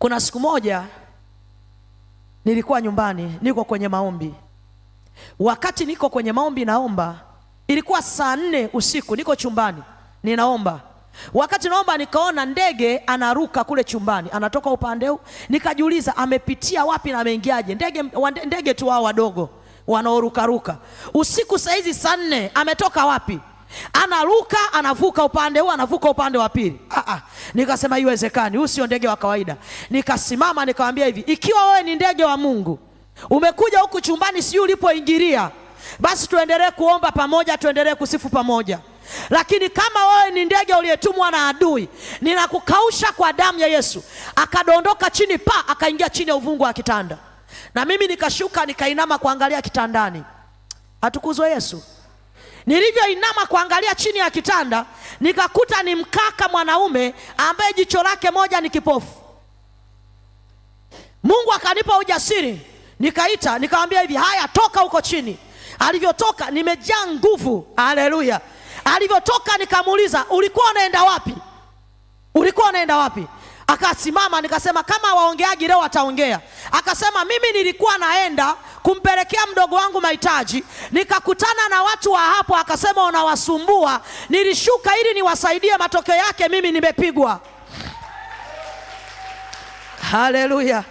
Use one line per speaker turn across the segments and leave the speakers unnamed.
Kuna siku moja nilikuwa nyumbani, niko kwenye maombi. Wakati niko kwenye maombi naomba, ilikuwa saa nne usiku, niko chumbani ninaomba. Wakati naomba nikaona ndege anaruka kule chumbani, anatoka upande huu. Nikajiuliza amepitia wapi na ameingiaje? Ndege, ndege tu hao wadogo wanaorukaruka usiku saa hizi saa nne, ametoka wapi? Anaruka anavuka upande huu anavuka upande wa pili. Ah ah, Nikasema haiwezekani, huu sio ndege wa kawaida. Nikasimama nikamwambia hivi, ikiwa wewe ni ndege wa Mungu umekuja huku chumbani, sijui ulipoingilia, basi tuendelee kuomba pamoja, tuendelee kusifu pamoja lakini kama wewe ni ndege uliyetumwa na adui, ninakukausha kwa damu ya Yesu. Akadondoka chini pa akaingia chini ya uvungu wa kitanda, na mimi nikashuka nikainama kuangalia kitandani. Atukuzwe Yesu. Nilivyoinama kuangalia chini ya kitanda nikakuta ni mkaka mwanaume ambaye jicho lake moja ni kipofu. Mungu akanipa ujasiri, nikaita nikamwambia hivi, haya, toka huko chini. Alivyotoka nimejaa nguvu, haleluya. Alivyotoka nikamuuliza, ulikuwa unaenda wapi? Ulikuwa unaenda wapi? Akasimama nikasema, kama waongeaji leo wataongea. Akasema, mimi nilikuwa naenda kumpelekea mdogo wangu mahitaji, nikakutana na watu wa hapo, akasema unawasumbua, nilishuka ili niwasaidie, matokeo yake mimi nimepigwa. Haleluya,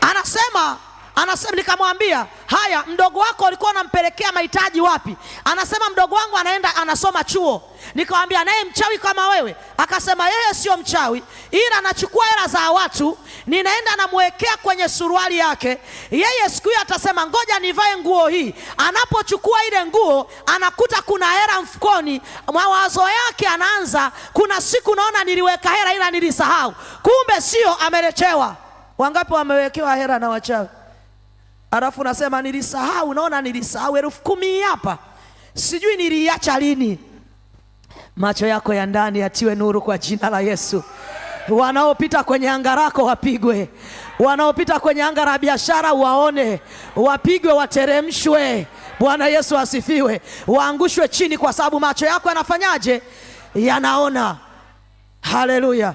anasema Anasema nikamwambia, haya, mdogo wako alikuwa anampelekea mahitaji wapi? Anasema mdogo wangu anaenda anasoma chuo. Nikamwambia, naye mchawi kama wewe? Akasema yeye sio mchawi, ila anachukua hela za watu, ninaenda namwekea kwenye suruali yake. Yeye siku hiyo atasema ngoja nivae nguo hii. Anapochukua ile nguo anakuta kuna hela mfukoni, mawazo yake anaanza, kuna siku naona niliweka hela ila nilisahau. Kumbe sio amelechewa Wangapi wamewekewa hela na wachawi? alafu nasema nilisahau. Naona nilisahau elfu kumi hapa, sijui niliacha lini.
Macho yako ya ndani yatiwe nuru kwa jina la Yesu. Wanaopita kwenye anga lako wapigwe, wanaopita kwenye anga la biashara waone, wapigwe, wateremshwe. Bwana Yesu asifiwe, waangushwe chini, kwa sababu macho yako yanafanyaje? Yanaona. Haleluya.